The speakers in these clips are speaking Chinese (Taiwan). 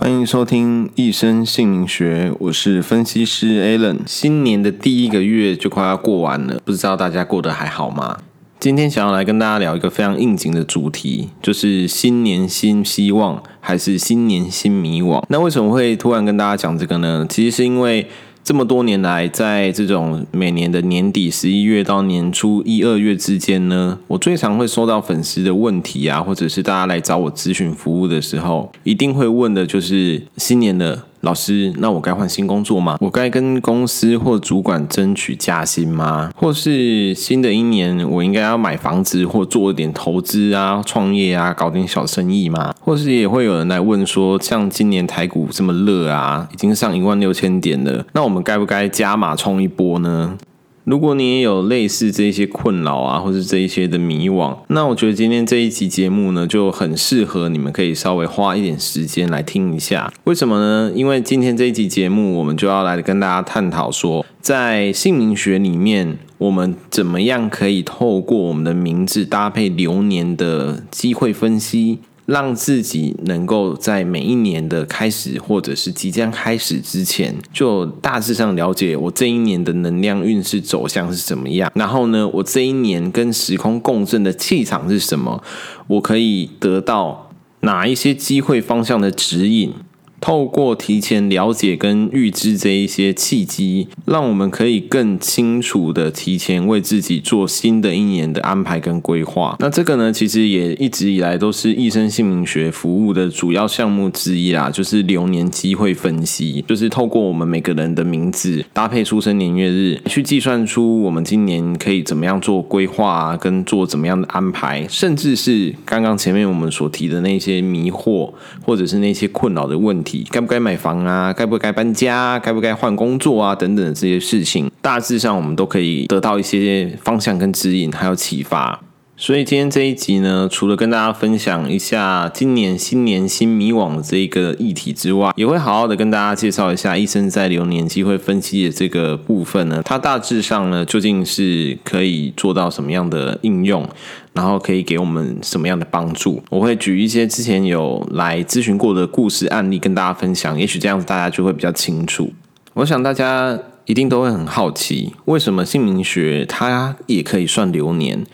歡迎收聽《一生性命學》，我是分析師 Alan。新年的第一個月就快要過完了，不知道大家過得還好嗎？今天想要來跟大家聊一個非常應景的主題，就是新年新希望，還是新年新迷惘？那為什麼會突然跟大家講這個呢？其實是因為，這麼多年來，在這種每年的年底十一月到年初一二月之間呢，我最常會收到粉絲的問題啊，或者是大家來找我諮詢服務的時候，一定會問的就是新年的。老師，那我該換新工作嗎？我該跟公司或主管爭取加薪嗎？或是新的一年我應該要買房子或做一點投資啊、創業啊、搞點小生意嗎？或是也會有人來問說，像今年台股這麼熱啊，已經上一萬六千點了，那我們該不該加碼衝一波呢？如果你也有類似這一些困擾啊，或是這一些的迷惘，那我覺得今天這一集節目呢，就很適合你們可以稍微花一點時間來聽一下。為什麼呢？因為今天這一集節目，我們就要來跟大家探討說，在姓名學裡面，我們怎麼樣可以透過我們的名字搭配流年的機會分析。讓自己能夠在每一年的開始，或者是即將開始之前，就大致上了解我這一年的能量運勢走向是什麼樣。然後呢，我這一年跟時空共振的氣場是什麼？我可以得到哪一些機會方向的指引？透過提前了解跟預知這一些契機，讓我們可以更清楚地提前為自己做新的一年的安排跟規劃。那這個呢，其實也一直以來都是一生姓名學服務的主要項目之一啦，就是流年機會分析，就是透過我們每個人的名字搭配出生年月日，去計算出我們今年可以怎麼樣做規劃啊，跟做怎麼樣的安排，甚至是剛剛前面我們所提的那些迷惑或者是那些困擾的問題。該不該買房啊？該不該搬家？該不該換工作啊？等等的這些事情，大致上我們都可以得到一些方向跟指引，還有啟發。所以今天這一集呢，除了跟大家分享一下今年新年新迷惘的這一個議題之外，也會好好的跟大家介紹一下醫生在流年機會分析的這個部分呢。它大致上呢，究竟是可以做到什麼樣的應用，然後可以給我們什麼樣的幫助？我會舉一些之前有來諮詢過的故事案例跟大家分享，也許這樣子大家就會比較清楚。我想大家一定都會很好奇，為什麼姓名學它也可以算流年？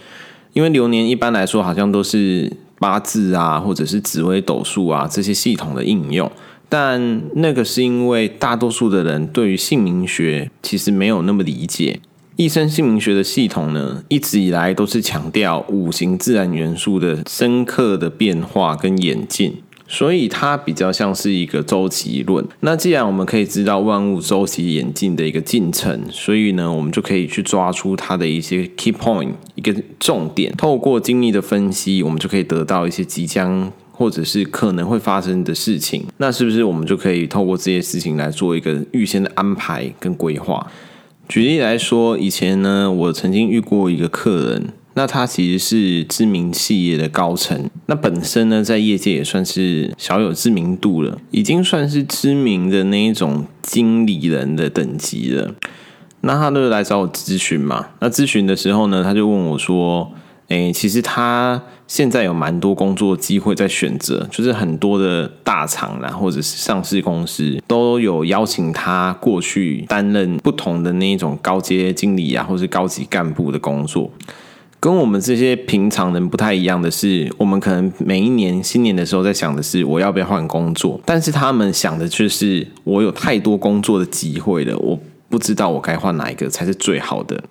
因為流年一般來說好像都是八字啊，或者是紫微斗數啊這些系統的應用，但那個是因為大多數的人對於姓名學其實沒有那麼理解。一生姓名學的系統呢，一直以來都是強調五行自然元素的深刻的變化跟演進。所以它比較像是一個週期論。那既然我們可以知道萬物週期演進的一個進程，所以呢，我們就可以去抓出它的一些 key point 一個重點。透過精密的分析，我們就可以得到一些即將或者是可能會發生的事情。那是不是我們就可以透過這些事情來做一個預先的安排跟規劃？舉例來說，以前呢，我曾經遇過一個客人。那他其實是知名企業的高層，那本身呢，在業界也算是小有知名度了，已經算是知名的那一種經理人的等級了。那他就來找我諮詢嘛。那諮詢的時候呢，他就問我說：“誒、欸，其實他現在有蠻多工作機會在選擇，就是很多的大廠啦，或者是上市公司都有邀請他過去擔任不同的那一種高階經理啊，或是高級幹部的工作。”跟我們這些平常人不太一樣的是，我們可能每一年新年的時候在想的是我要不要換工作，但是他們想的卻是我有太多工作的機會了，我不知道我該換哪一個才是最好的。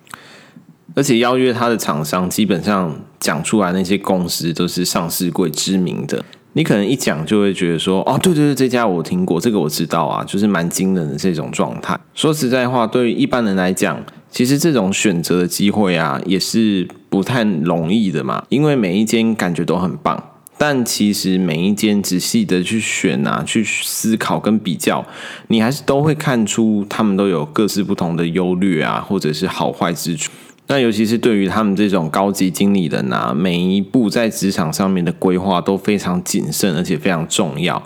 而且邀約他的廠商，基本上講出來那些公司都是上市櫃知名的，你可能一講就會覺得說，哦，對對對，這家我聽過，這個我知道啊，就是蠻驚人的這種狀態。說實在話，對於一般人來講。其實這種選擇的機會啊，也是不太容易的嘛，因為每一間感覺都很棒，但其實每一間仔細的去選啊，去思考跟比較，你還是都會看出他們都有各自不同的優劣啊，或者是好壞之處。那尤其是對於他們這種高級經理人啊，每一步在職場上面的規劃都非常謹慎，而且非常重要。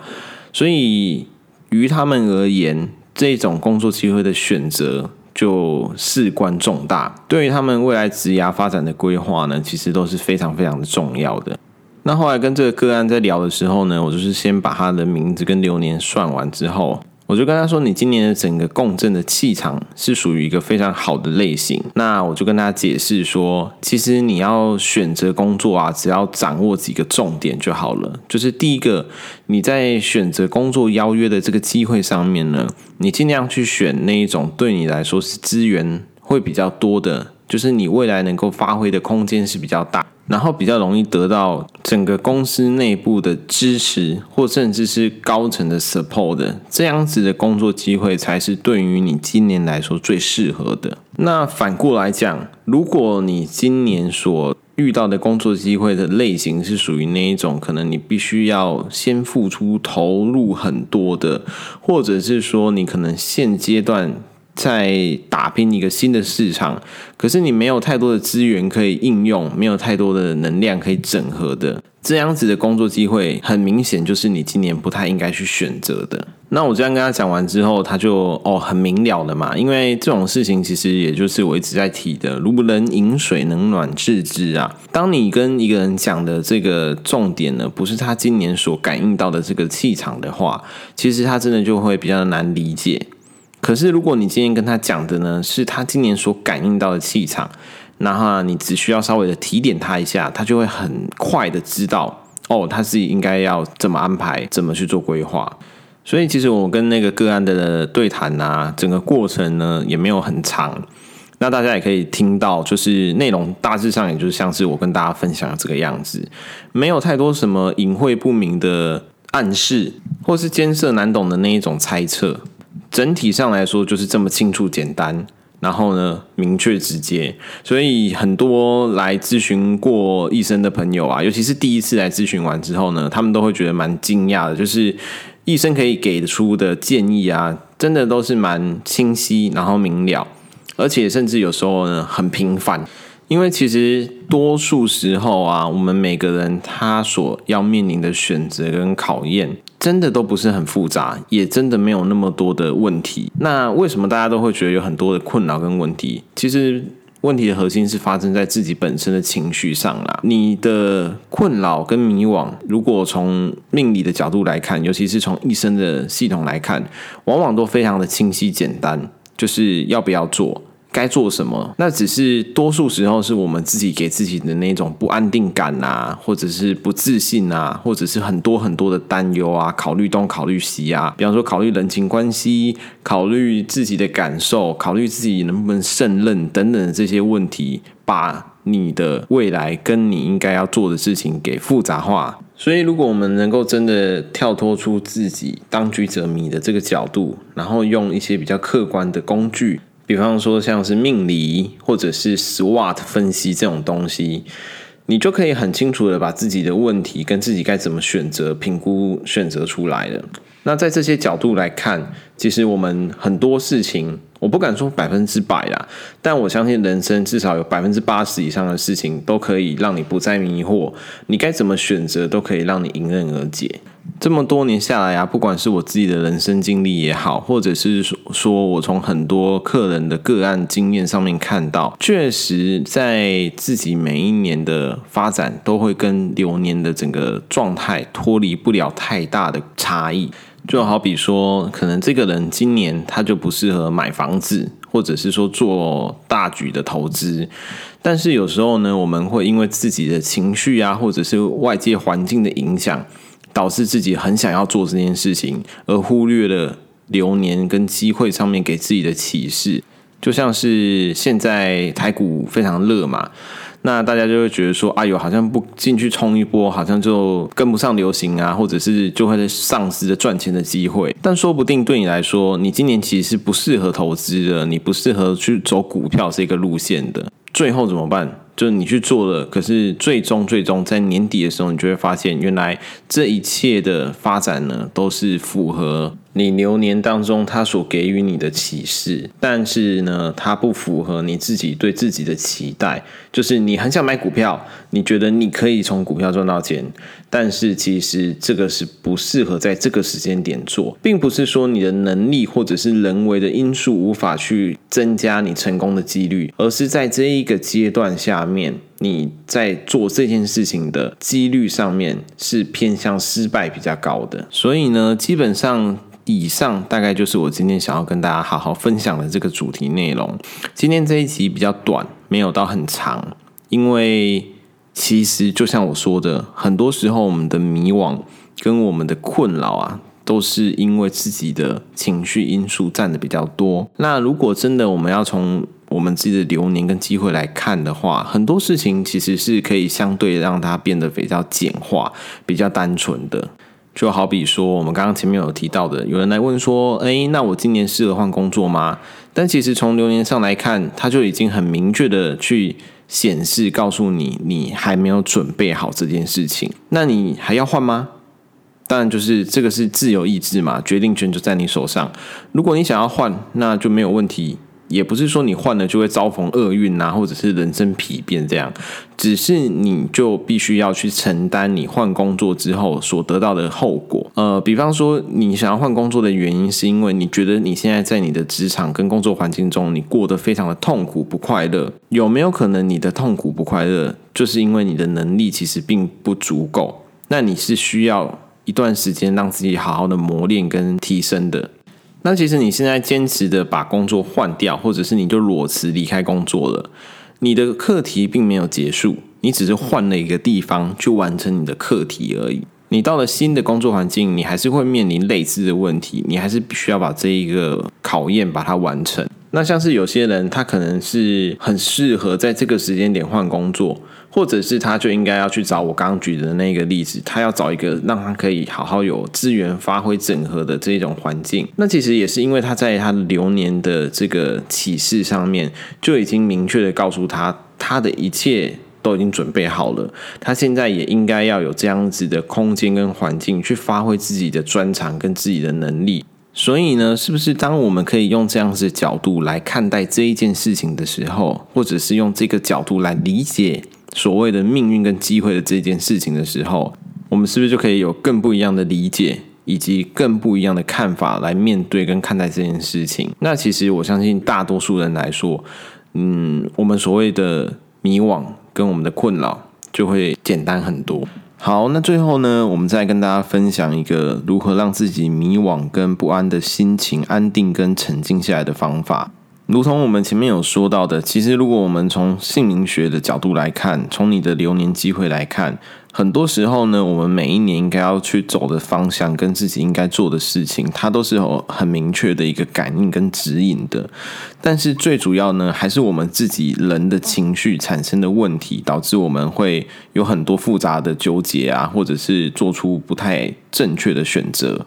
所以於他們而言，這種工作機會的選擇。就事關重大，對於他們未來職涯發展的規劃呢，其實都是非常非常的重要的。那後來跟這個個案在聊的時候呢，我就是先把他的名字跟流年算完之後。我就跟他說：“你今年的整個共振的氣場是屬於一個非常好的類型。”那我就跟他解釋說：“其實你要選擇工作啊，只要掌握幾個重點就好了。就是第一個，你在選擇工作邀約的這個機會上面呢，你儘量去選那一種對你來說是資源會比較多的，就是你未來能夠發揮的空間是比較大。”然後比較容易得到整個公司內部的支持，或甚至是高層的 support，這樣子的工作機會才是對於你今年來說最適合的。那反過來講，如果你今年所遇到的工作機會的類型是屬於那一種，可能你必須要先付出投入很多的，或者是說你可能現階段，在打拼一個新的市場，可是你沒有太多的資源可以應用，沒有太多的能量可以整合的，這樣子的工作機會，很明顯就是你今年不太應該去選擇的。那我這樣跟他講完之後，他就哦，很明了了嘛，因為這種事情其實也就是我一直在提的，如人飲水，冷暖自知啊。當你跟一個人講的這個重點呢，不是他今年所感應到的這個氣場的話，其實他真的就會比較難理解。可是，如果你今天跟他講的呢，是他今年所感應到的氣場，那哈，你只需要稍微的提點他一下，他就會很快的知道哦，他自己應該要怎麼安排，怎麼去做規劃。所以，其實我跟那個個案的對談啊，整個過程呢也沒有很長，那大家也可以聽到，就是內容大致上，也就是像是我跟大家分享的這個樣子，沒有太多什麼隱晦不明的暗示，或是艱澀難懂的那一種猜測。整體上來說，就是這麼清楚、簡單，然後呢，明確、直接。所以很多來諮詢過醫生的朋友啊，尤其是第一次來諮詢完之後呢，他們都會覺得蠻驚訝的，就是醫生可以給出的建議啊，真的都是蠻清晰，然後明了，而且甚至有時候呢，很平凡。因為其實多數時候啊，我們每個人他所要面臨的選擇跟考驗，真的都不是很複雜，也真的沒有那麼多的問題。那為什麼大家都會覺得有很多的困擾跟問題？其實問題的核心是發生在自己本身的情緒上啦。你的困擾跟迷惘，如果從命理的角度來看，尤其是從一生的系統來看，往往都非常的清晰簡單，就是要不要做。該做什麼？那只是多數時候是我們自己給自己的那種不安定感啊，或者是不自信啊，或者是很多很多的擔憂啊，考慮東考慮西啊，比方說考慮人情關係，考慮自己的感受，考慮自己能不能勝任等等的這些問題，把你的未來跟你應該要做的事情給複雜化。所以，如果我們能夠真的跳脫出自己當局者迷的這個角度，然後用一些比較客觀的工具。比方說，像是命理或者是 SWOT 分析這種東西，你就可以很清楚的把自己的問題跟自己該怎麼選擇、評估、選擇出來了。那在這些角度來看，其實我們很多事情，我不敢說百分之百啦，但我相信人生至少有百分之八十以上的事情，都可以讓你不再迷惑，你該怎麼選擇，都可以讓你迎刃而解。這麼多年下來啊，不管是我自己的人生經歷也好，或者是說我從很多客人的個案經驗上面看到，確實在自己每一年的發展都會跟流年的整個狀態脫離不了太大的差異。就好比說，可能這個人今年他就不適合買房子，或者是說做大舉的投資。但是有時候呢，我們會因為自己的情緒啊，或者是外界環境的影響。導致自己很想要做這件事情，而忽略了流年跟機會上面給自己的啟示。就像是現在台股非常熱嘛，那大家就會覺得說，哎呦，好像不進去衝一波，好像就跟不上流行啊，或者是就會喪失的賺錢的機會。但說不定對你來說，你今年其實不適合投資的，你不適合去走股票這個路線的。最後怎麼辦？就你去做了，可是最終最終在年底的時候，你就會發現，原來這一切的發展呢，都是符合。你流年當中，他所給予你的啟示，但是呢，它不符合你自己對自己的期待。就是你很想買股票，你覺得你可以從股票賺到錢，但是其實這個是不適合在這個時間點做，並不是說你的能力或者是人為的因素無法去增加你成功的幾率，而是在這一個階段下面，你在做這件事情的幾率上面是偏向失敗比較高的。所以呢，基本上。以上大概就是我今天想要跟大家好好分享的這個主題內容。今天這一集比較短，沒有到很長，因為其實就像我說的，很多時候我們的迷惘跟我們的困擾啊，都是因為自己的情緒因素佔的比較多。那如果真的我們要從我們自己的流年跟機會來看的話，很多事情其實是可以相對讓它變得比較簡化，比較單純的，就好比說，我們剛剛前面有提到的，有人來問說：“誒，那我今年適合換工作嗎？”但其實從流年上來看，他就已經很明確地去顯示告訴你，你還沒有準備好這件事情。那你還要換嗎？當然，就是這個是自由意志嘛，決定權就在你手上。如果你想要換，那就沒有問題。也不是說你換了就會遭逢厄運吶，或者是人生丕變這樣，只是你就必須要去承擔你換工作之後所得到的後果。呃，比方說你想要換工作的原因，是因為你覺得你現在在你的職場跟工作環境中，你過得非常的痛苦不快樂。有沒有可能你的痛苦不快樂，就是因為你的能力其實並不足夠？那你是需要一段時間讓自己好好的磨練跟提升的。那其實你現在堅持的把工作換掉，或者是你就裸辭離開工作了，你的課題並沒有結束，你只是換了一個地方去完成你的課題而已。你到了新的工作環境，你還是會面臨類似的問題，你還是必須要把這一個考驗把它完成。那像是有些人，他可能是很適合在這個時間點換工作，或者是他就應該要去找我剛剛舉的那個例子，他要找一個讓他可以好好有資源發揮整合的這種環境。那其實也是因為他在他流年的這個啟示上面，就已經明確的告訴他，他的一切都已經準備好了，他現在也應該要有這樣子的空間跟環境去發揮自己的專長跟自己的能力。所以呢，是不是當我們可以用這樣子的角度來看待這一件事情的時候，或者是用這個角度來理解所謂的命運跟機會的這件事情的時候，我們是不是就可以有更不一樣的理解，以及更不一樣的看法來面對跟看待這件事情？那其實我相信大多數人來說，嗯，我們所謂的迷惘跟我們的困擾，就會簡單很多。好，那最後呢，我們再跟大家分享一個如何讓自己迷惘跟不安的心情安定跟沉靜下來的方法。如同我們前面有說到的，其實如果我們從姓名學的角度來看，從你的流年機會來看。很多時候呢，我們每一年應該要去走的方向跟自己應該做的事情，它都是有很明確的一個感應跟指引的。但是最主要呢，還是我們自己人的情緒產生的問題，導致我們會有很多複雜的糾結啊，或者是做出不太正確的選擇。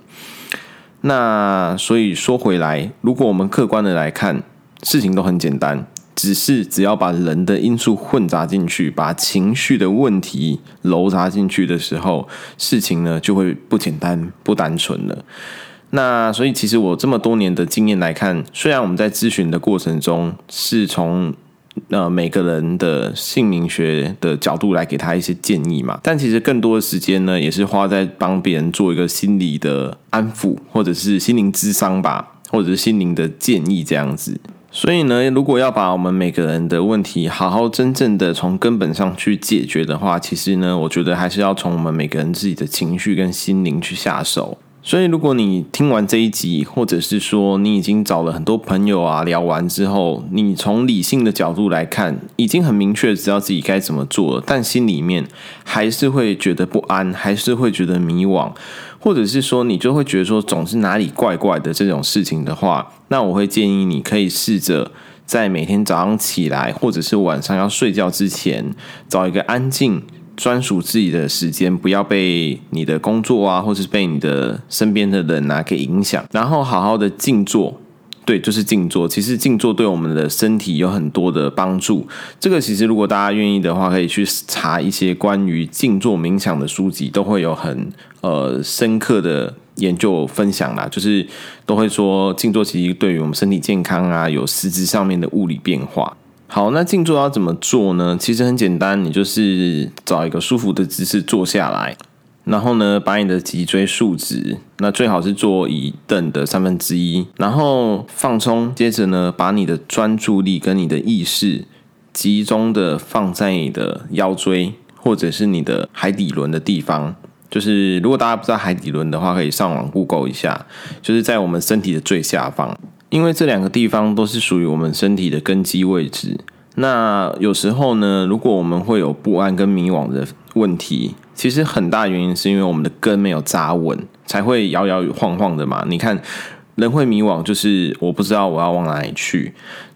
那所以說回來，如果我們客觀的來看，事情都很簡單。只是只要把人的因素混雜進去，把情緒的問題揉雜進去的時候，事情呢就會不簡單不單純了。那所以，其實我這麼多年的經驗來看，雖然我們在諮詢的過程中是從呃、每個人的姓名學的角度來給他一些建議嘛，但其實更多的時間呢，也是花在幫別人做一個心理的安撫，或者是心靈諮商吧，或者是心靈的建議這樣子。所以呢，如果要把我們每個人的問題好好、真正的從根本上去解決的話，其實呢，我覺得還是要從我們每個人自己的情緒跟心靈去下手。所以，如果你聽完這一集，或者是說你已經找了很多朋友啊，聊完之後，你從理性的角度來看，已經很明確知道自己該怎麼做了，但心裡面還是會覺得不安，還是會覺得迷惘。或者是說，你就會覺得說，總是哪裡怪怪的這種事情的話，那我會建議你可以試着在每天早上起來，或者是晚上要睡覺之前，找一個安靜、專屬自己的時間，不要被你的工作啊，或者是被你的身邊的人拿啊給影響，然後好好的靜坐。對，就是靜坐。其實靜坐對我們的身體有很多的幫助。這個其實如果大家願意的話，可以去查一些關於靜坐冥想的書籍，都會有很呃深刻的研究分享啦。就是都會說靜坐其實對於我們身體健康啊，有實質上面的物理變化。好，那靜坐要怎麼做呢？其實很簡單，你就是找一個舒服的姿勢坐下來。然後呢，把你的脊椎豎直，那最好是坐椅凳的三分之一，然後放鬆。接着呢，把你的專注力跟你的意識，集中的放在你的腰椎或者是你的海底輪的地方。就是如果大家不知道海底輪的話，可以上網 Google 一下，就是在我們身體的最下方，因為這兩個地方都是屬於我們身體的根基位置。那有時候呢，如果我們會有不安跟迷惘的。問題其實很大原因是因為我們的根沒有扎穩，才會搖搖晃晃的嘛。你看，人會迷惘，就是我不知道我要往哪裡去。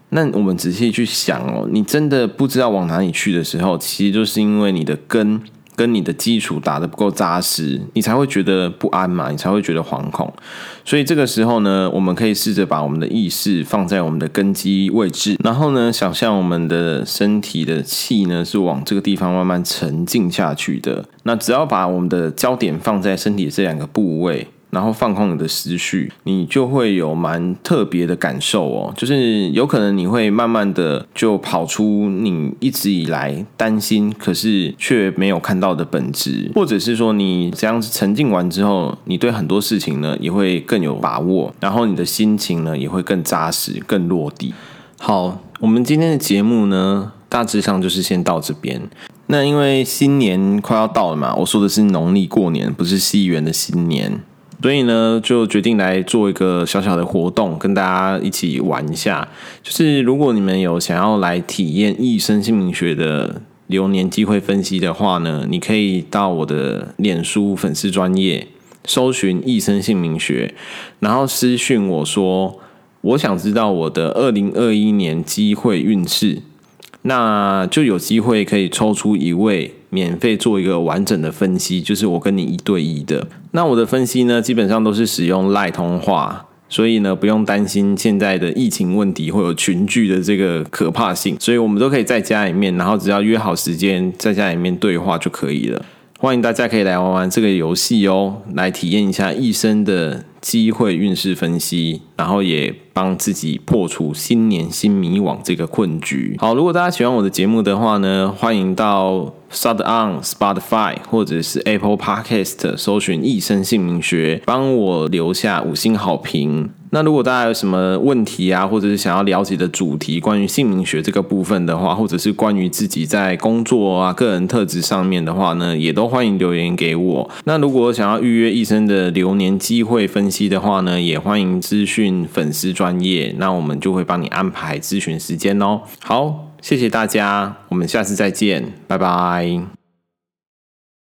那我們仔細去想哦，你真的不知道往哪裡去的時候，其實就是因為你的根。跟你的基礎打得不夠扎實，你才會覺得不安嘛，你才會覺得惶恐。所以這個時候呢，我們可以試着把我們的意識放在我們的根基位置，然後呢，想象我們的身體的氣呢是往這個地方慢慢沉靜下去的。那只要把我們的焦點放在身體的這兩個部位。然後放空你的思緒，你就會有蠻特別的感受哦。就是有可能你會慢慢的就跑出你一直以來擔心，可是卻沒有看到的本質，或者是說你這樣子沉浸完之後，你對很多事情呢也會更有把握，然後你的心情呢也會更扎實、更落地。好，我們今天的節目呢，大致上就是先到這邊。那因為新年快要到了嘛，我說的是農曆過年，不是西元的新年。所以呢，就決定來做一個小小的活動，跟大家一起玩一下。就是如果你們有想要來體驗一生姓名學的流年機會分析的話呢，你可以到我的臉書粉絲專頁搜尋“一生姓名學”，然後私訊我說“我想知道我的二零二一年機會運勢”，那就有機會可以抽出一位。免費做一個完整的分析，就是我跟你一對一的。那我的分析呢，基本上都是使用 LINE 通話，所以呢，不用擔心現在的疫情問題會有群聚的這個可怕性。所以我們都可以在家裡面，然後只要約好時間，在家裡面對話就可以了。歡迎大家可以來玩玩這個遊戲哦，來體驗一下一生的機會運勢分析，然後也幫自己破除新年新迷惘這個困局。好，如果大家喜歡我的節目的話呢，歡迎到。s 搜的 on Spotify 或者是 Apple Podcast，搜尋一生姓名學，幫我留下五星好評。那如果大家有什麼問題啊，或者是想要了解的主題，關於姓名學這個部分的話，或者是關於自己在工作啊、個人特質上面的話呢，也都歡迎留言給我。那如果想要預約一生的流年機會分析的話呢，也歡迎諮詢粉絲專頁，那我們就會幫你安排諮詢時間哦。好。謝謝大家，我們下次再見，拜拜。